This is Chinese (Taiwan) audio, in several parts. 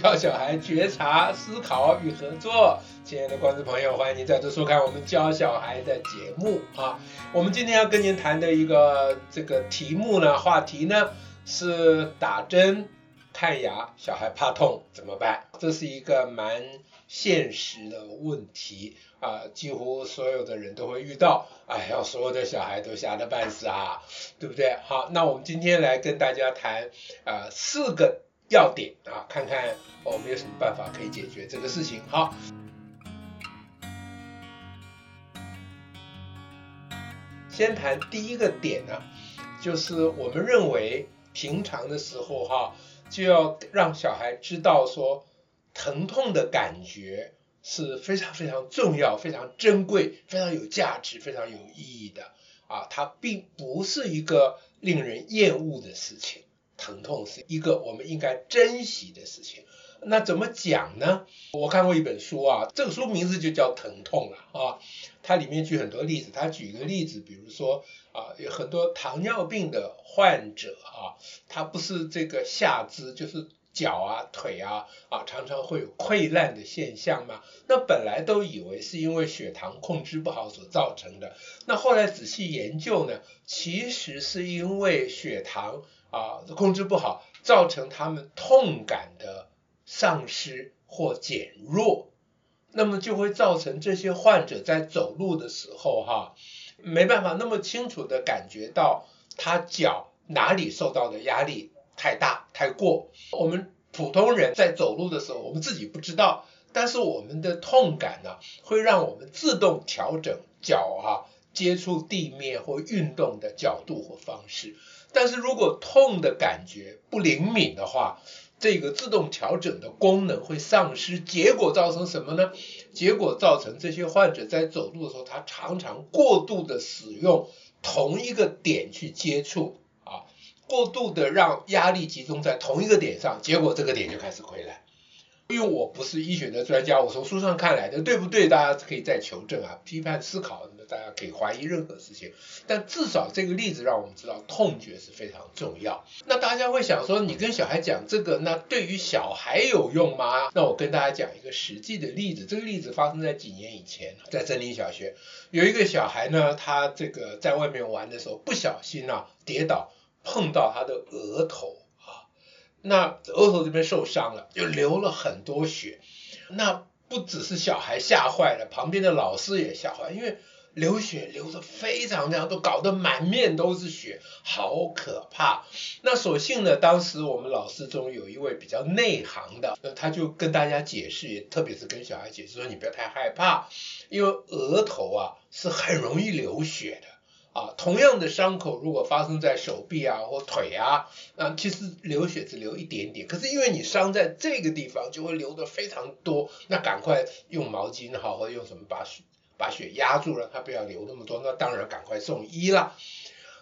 教小孩覺察、思考與合作，親愛的觀眾朋友，歡迎您再次收看我們教小孩的節目啊！我們今天要跟您談的一個這個題目呢、話題呢，是打針、看牙，小孩怕痛怎麼辦？這是一個蠻現實的問題啊，幾乎所有的人都會遇到。哎呀，所有的小孩都嚇得半死啊，對不對？好，那我們今天來跟大家談啊、呃、四個。要點啊，看看我們、哦、有什麼辦法可以解決這個事情哈。先談第一個點呢，就是我們認為平常的時候哈，就要讓小孩知道說，疼痛的感覺是非常非常重要、非常珍貴、非常有價值、非常有意義的啊，它並不是一個令人厭惡的事情。疼痛是一個我們應該珍惜的事情。那怎麼講呢？我看過一本書啊，這個書名字就叫《疼痛》了啊。它裡面舉很多例子，它舉一個例子，比如說啊，有很多糖尿病的患者，啊，他不是這個下肢就是腳啊、腿啊啊，常常會有潰爛的現象嘛。那本來都以為是因為血糖控制不好所造成的，那後來仔細研究呢，其實是因為血糖。啊，控制不好，造成他們痛感的喪失或減弱，那麼就會造成這些患者在走路的時候、啊，哈，沒辦法那麼清楚地感覺到他腳哪裡受到的壓力太大太過。我們普通人在走路的時候，我們自己不知道，但是我們的痛感呢、啊，會讓我們自動調整腳哈、啊、接觸地面或運動的角度或方式。但是如果痛的感覺不靈敏的話，這個自動調整的功能會喪失，結果造成什麼呢？結果造成這些患者在走路的時候，他常常過度的使用同一個點去接觸啊，過度的讓壓力集中在同一個點上，結果這個點就開始潰爛。因為我不是醫學的專家，我從書上看來的對不對？大家可以再求證啊，批判思考，那大家可以懷疑任何事情。但至少這個例子讓我們知道，痛覺是非常重要。那大家會想說，你跟小孩講這個，那對於小孩有用嗎？那我跟大家講一個實際的例子，這個例子發生在幾年以前，在森林小學，有一個小孩呢，他這個在外面玩的時候不小心啊，跌倒，碰到他的額頭。那額頭這邊受傷了，就流了很多血。那不只是小孩嚇壞了，旁邊的老師也嚇壞，因為流血流的非常非常，都搞得滿面都是血，好可怕。那所幸呢，當時我們老師中有一位比較內行的，他就跟大家解釋，也特別是跟小孩解釋說，你不要太害怕，因為額頭啊是很容易流血的。啊，同樣的傷口如果發生在手臂啊或腿啊，啊，其實流血只流一點點，可是因為你傷在這個地方，就會流得非常多。那趕快用毛巾好或者用什麼把血把血壓住了，他不要流那麼多。那當然趕快送醫了。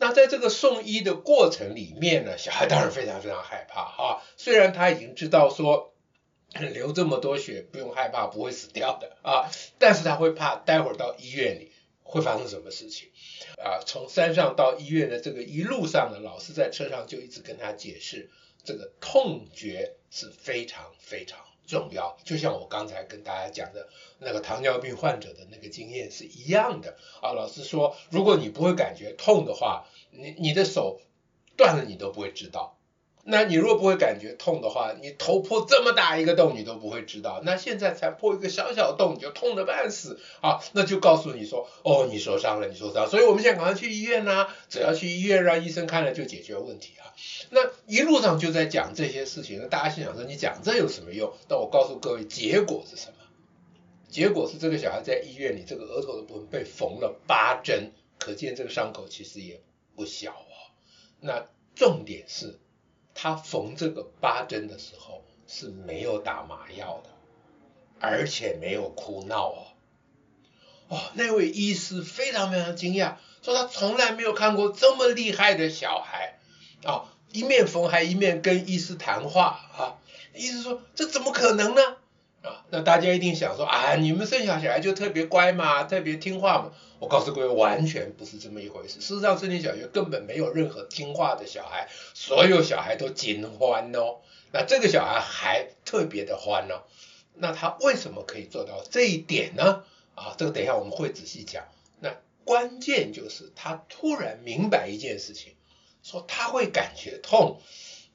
那在這個送醫的過程裡面呢，小孩當然非常非常害怕哈，啊。雖然他已經知道說流這麼多血不用害怕，不會死掉的啊，但是他會怕待會兒到醫院裡。會發生什麼事情？啊，從山上到醫院的這個一路上呢，老師在車上就一直跟他解釋，這個痛覺是非常非常重要，就像我剛才跟大家講的那個糖尿病患者的那個經驗是一樣的。啊，老師說，如果你不會感覺痛的話，你你的手斷了你都不會知道。那你若不會感覺痛的話，你頭破這麼大一個洞你都不會知道。那現在才破一個小小洞你就痛得半死。好，那就告訴你說，哦，你受傷了，你受傷。所以我們現在趕快去醫院吶，啊，只要去醫院讓醫生看了就解決問題啊。那一路上就在講這些事情，大家心想說你講這有什麼用？但我告訴各位，結果是什麼？結果是這個小孩在醫院裡這個額頭的部分被縫了八針，可見這個傷口其實也不小哦。那重點是。他縫這個八針的時候是沒有打麻藥的，而且沒有哭鬧哦，哦，那位醫師非常非常驚訝，說他從來沒有看過這麼厲害的小孩，啊，哦，一面縫還一面跟醫師談話啊，醫師說這怎麼可能呢？啊，那大家一定想說啊，你們生小孩就特別乖嘛，特別聽話嘛。我告訴各位，完全不是這麼一回事。事實上，森林小學根本沒有任何聽話的小孩，所有小孩都盡歡哦。那這個小孩還特別的歡哦。那他為什麼可以做到這一點呢？啊，這個等一下我們會仔細講。那關鍵就是他突然明白一件事情，說他會感覺痛，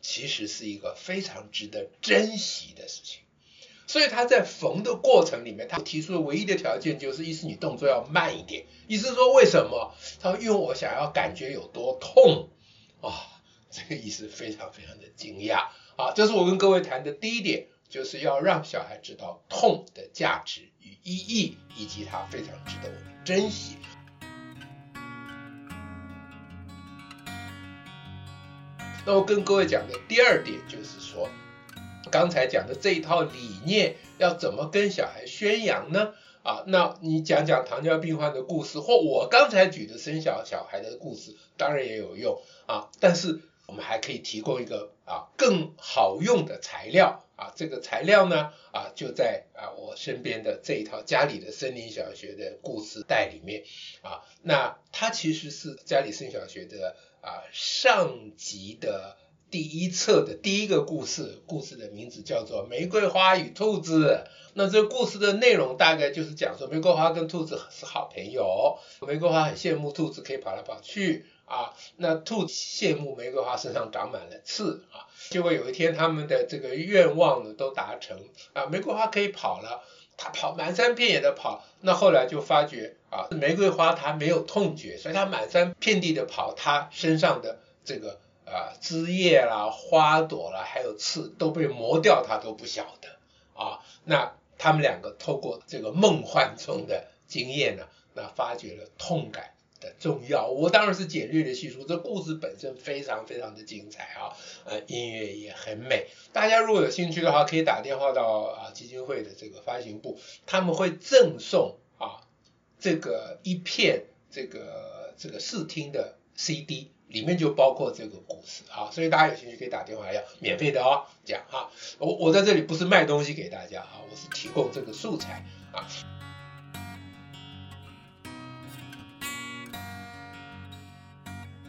其實是一個非常值得珍惜的事情。所以他在縫的過程裡面，他提出的唯一的條件就是：意思你動作要慢一點，意思說為什麼？他說因為我想要感覺有多痛啊，哦，這個意思非常非常的驚訝啊。這是我跟各位談的第一點，就是要讓小孩知道痛的價值與意義，以及它非常值得我們珍惜。那我跟各位講的第二點就是說。剛才講的這一套理念要怎麼跟小孩宣揚呢？啊，那你講講糖尿病患的故事，或我剛才舉的生小小孩的故事，當然也有用啊。但是我們還可以提供一個啊更好用的材料啊，這個材料呢啊就在啊我身邊的這一套家裡的森林小學的故事袋裡面啊。那它其實是家裡森林小學的啊上集的。第一冊的第一個故事，故事的名字叫做《玫瑰花與兔子》。那這故事的內容大概就是講說，玫瑰花跟兔子是好朋友，玫瑰花很羨慕兔子可以跑來跑去啊。那兔子羨慕玫瑰花身上長滿了刺啊。結果有一天，他們的這個願望呢都達成啊。玫瑰花可以跑了，它跑滿山遍野的跑。那後來就發覺啊，玫瑰花它沒有痛覺，所以它滿山遍地的跑，它身上的這個。啊，枝葉啦，花朵啦，還有刺都被磨掉，他都不曉得啊。那他們兩個透過這個夢幻中的經驗呢，那發掘了痛感的重要。我當然是簡略的敘述，這故事本身非常非常的精彩啊，呃、啊，音樂也很美。大家如果有興趣的話，可以打電話到啊基金會的這個發行部，他們會贈送啊這個一片這個這個試聽的 CD。裡面就包括這個故事啊，所以大家有興趣可以打電話，要免費的哦，講啊。我我在這裡不是賣東西給大家啊，我是提供這個素材啊。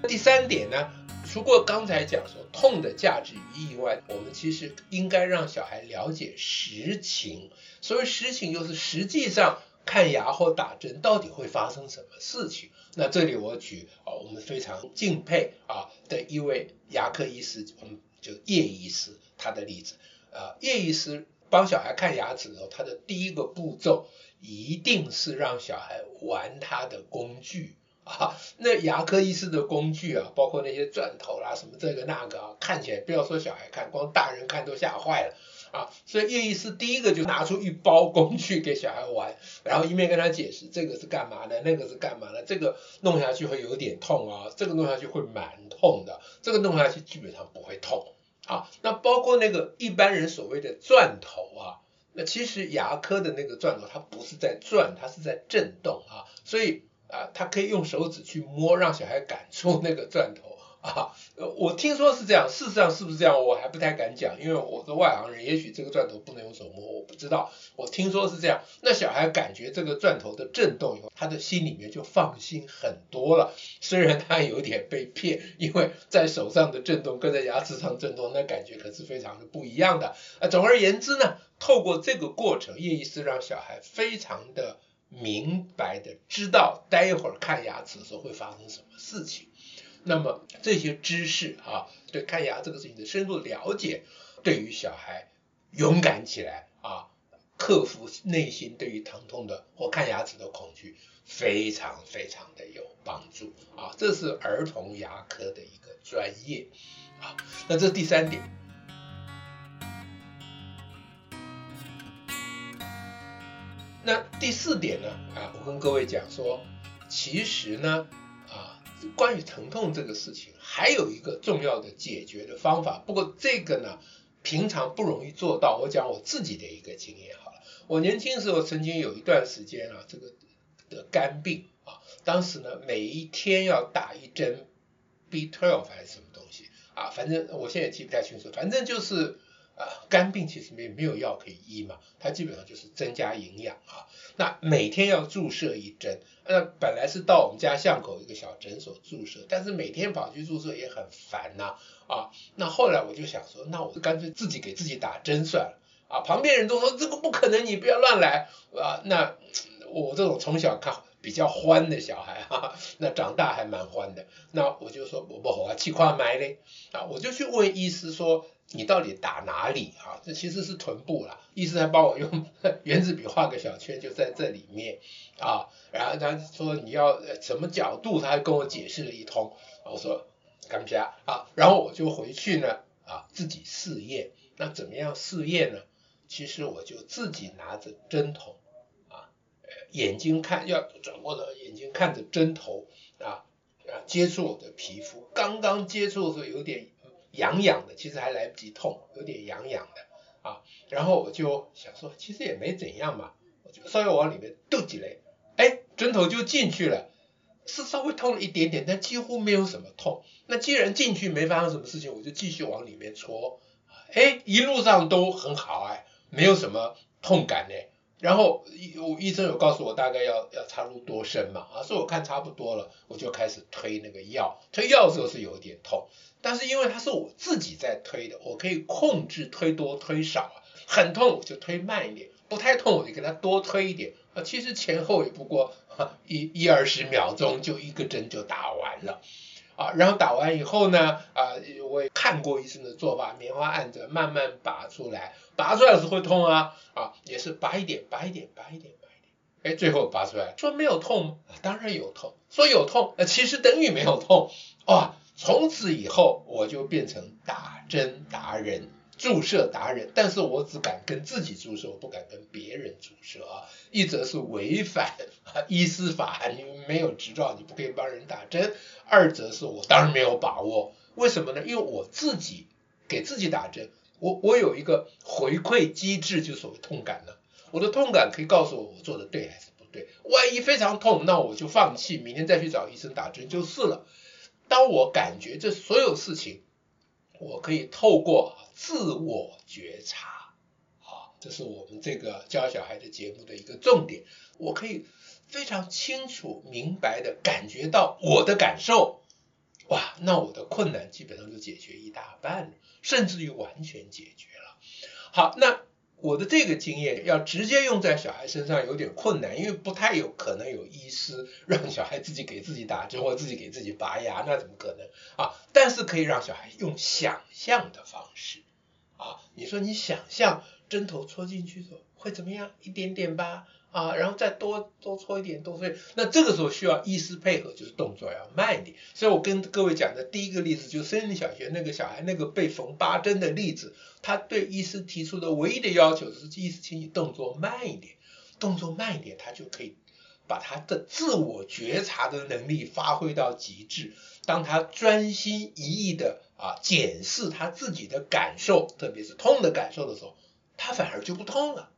第三點呢，除過剛才講說痛的價值與意外，我們其實應該讓小孩了解實情，所謂實情就是實際上，看牙或打針到底會發生什麼事情？那這裡我舉啊我們非常敬佩啊的一位牙科醫師，我們就葉醫師他的例子啊。葉醫師幫小孩看牙齒的時候，他的第一個步驟一定是讓小孩玩他的工具啊。那牙科醫師的工具啊，包括那些鑽頭啦什麼這個那個啊，看起來不要說小孩看，光大人看都嚇壞了。啊，所以葉醫師第一個就拿出一包工具給小孩玩，然後一面跟他解釋這個是幹嘛的，那個是幹嘛的，這個弄下去會有點痛啊，這個弄下去會蠻痛的，這個弄下去基本上不會痛啊。那包括那個一般人所謂的鑽頭啊，那其實牙科的那個鑽頭它不是在鑽，它是在震動啊，所以啊，他可以用手指去摸，讓小孩感觸那個鑽頭。啊，呃，我聽說是這樣，事實上是不是這樣，我還不太敢講，因為我是外行人，也許這個鑽頭不能用手摸，我不知道。我聽說是這樣，那小孩感覺這個鑽頭的震動以後，他的心裡面就放心很多了。雖然他有點被騙，因為在手上的震動跟在牙齒上震動，那感覺可是非常的不一樣的。啊，總而言之呢，透過這個過程，葉醫師讓小孩非常的明白的知道，待一會兒看牙齒的時候會發生什麼事情。那麼這些知識啊，對看牙這個事情的深入了解，對於小孩勇敢起來啊，克服內心對於疼痛的或看牙齒的恐懼，非常非常的有幫助啊。這是兒童牙科的一個專業啊。那這是第三點。那第四點呢啊，我跟各位講說，其實呢。關於疼痛這個事情，還有一個重要的解決的方法，不過這個呢，平常不容易做到。我講我自己的一個經驗好了，我年輕時候曾經有一段時間啊，這個得肝病啊，當時呢，每一天要打一針 B12 還是什麼東西啊，反正我現在也記不太清楚，反正就是。啊、呃，肝病其實沒沒有藥可以醫嘛，它基本上就是增加營養啊。那每天要注射一針，那本來是到我們家巷口一個小診所注射，但是每天跑去注射也很煩吶、啊。啊，那後來我就想說，那我就乾脆自己給自己打針算了。啊，旁邊人都說這個不可能，你不要亂來。啊，那我這種從小看，比較歡的小孩哈、啊、那長大還蠻歡的。那我就說，我不好啊，去跨埋呢。啊！我就去問醫師說，你到底打哪裡啊？這其實是臀部啦。醫師還幫我用原子筆畫個小圈，就在這裡面啊。然後他說你要什麼角度，他還跟我解釋了一通。我說感謝啊。然後我就回去呢啊，自己試驗。那怎麼樣試驗呢？其實我就自己拿着針筒。眼睛看要轉過了，眼睛看着針頭啊啊接觸我的皮膚，剛剛接觸的時候有點癢癢的，其實還來不及痛，有點癢癢的啊。然後我就想說，其實也沒怎樣嘛，我就稍微往裡面逗幾釐米。哎，針頭就進去了，是稍微痛了一點點，但幾乎沒有什麼痛。那既然進去沒發生什麼事情，我就繼續往裡面戳，哎，一路上都很好哎，沒有什麼痛感呢。然後醫醫生有告訴我大概要要插入多深嘛啊，所以我看差不多了，我就開始推那個藥。推藥的時候是有點痛，但是因為它是我自己在推的，我可以控制推多推少，很痛我就推慢一點，不太痛我就給它多推一點啊。其實前後也不過，啊，一一二十秒鐘，就一個針就打完了。啊，然後打完以後呢，啊，我也看過醫生的做法，棉花按着，慢慢拔出來，拔出來是會痛啊，啊，也是拔一點、拔一點、拔一點、拔一點，哎，最後拔出來，說沒有痛，當然有痛，說有痛，呃，其實等於沒有痛，啊，從此以後我就變成打針達人。注射達人，但是我只敢跟自己注射，我不敢跟別人注射啊。一則是違反醫師法，你沒有執照，你不可以幫人打針；二則是我當然沒有把握。為什麼呢？因為我自己給自己打針，我我有一個回饋機制，就是所謂痛感呢。我的痛感可以告訴我我做的對還是不對。萬一非常痛，那我就放棄，明天再去找醫生打針就是了。當我感覺這所有事情。我可以透過自我覺察，啊，這是我們這個教小孩的節目的一個重點。我可以非常清楚、明白的感覺到我的感受，哇，那我的困難基本上就解決一大半了，甚至於完全解決了。好，那。我的這個經驗要直接用在小孩身上有點困難，因為不太有可能有醫師讓小孩自己給自己打針，或自己給自己拔牙，那怎麼可能啊？但是可以讓小孩用想象的方式啊，你說你想象針頭戳進去的會怎麼樣？一點點吧，啊，然後再多多搓一點，多搓一點。那這個時候需要醫師配合，就是動作要慢一點。所以我跟各位講的第一個例子，就是森林小學那個小孩，那個被縫八針的例子，他對醫師提出的唯一的要求是，醫師請你動作慢一點，動作慢一點，他就可以把他的自我覺察的能力發揮到極致。當他專心一意的啊檢視他自己的感受，特別是痛的感受的時候，他反而就不痛了。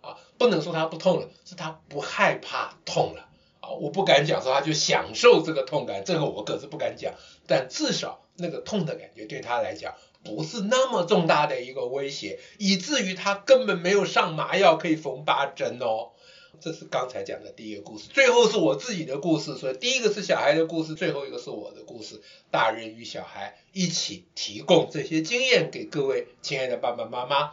啊，不能說他不痛了，是他不害怕痛了。啊，我不敢講說他就享受這個痛感，這個我可是不敢講。但至少那個痛的感覺對他來講不是那麼重大的一個威脅，以至於他根本沒有上麻藥可以縫八針哦。這是剛才講的第一個故事，最後是我自己的故事。所以第一個是小孩的故事，最後一個是我的故事。大人與小孩一起提供這些經驗給各位親愛的爸爸媽媽，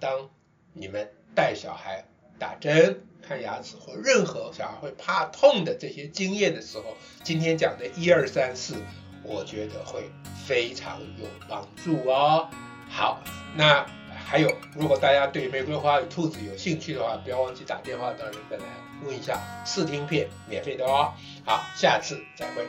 當你們。帶小孩打針、看牙齒或任何小孩會怕痛的這些經驗的時候，今天講的一二三四，我覺得會非常有幫助哦。好，那還有，如果大家對玫瑰花與兔子有興趣的話，不要忘記打電話到人本來問一下，試聽片免費的哦。好，下次再會。